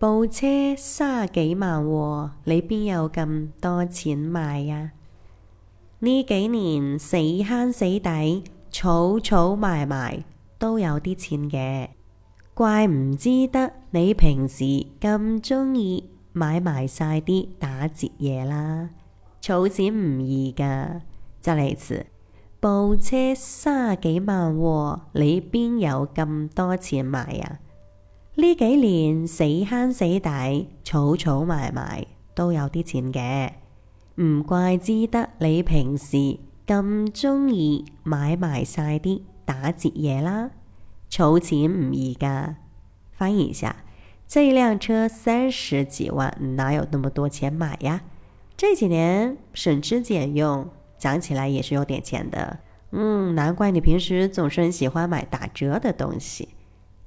部車卅幾萬喎，你邊有咁多錢買啊？呢幾年死慳死抵，措措埋埋都有啲錢嘅，怪唔之得你平時咁鍾意買埋晒啲打折嘢啦。措錢唔易噶，就嚟一次，部車卅幾萬喎，你邊有咁多錢買啊？呢幾年死慳死抵，措措埋埋都有啲錢嘅，唔怪之得你平時咁鍾意買埋晒啲打折嘢啦。儲錢唔易噶，翻譯一下，這輛車三十幾萬，哪有那麼多錢買呀？這幾年省吃儉用，攢起來也是有點錢的。嗯，難怪你平時總是喜歡買打折的東西。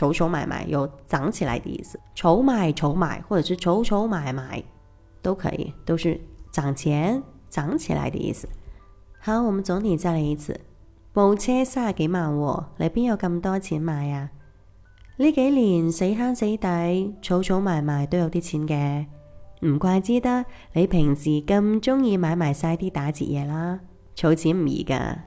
措措埋埋有攢起來的意思，措埋措埋，或者是措措埋埋，都可以，都是攢錢攢起來的意思。好，我們總結再來一次，部車卅幾萬喎，你邊有咁多錢買啊？呢幾年死慳死抵，措措埋埋都有啲錢嘅，唔怪之得你平時咁鍾意買埋晒啲打折嘢啦，措錢唔易噶。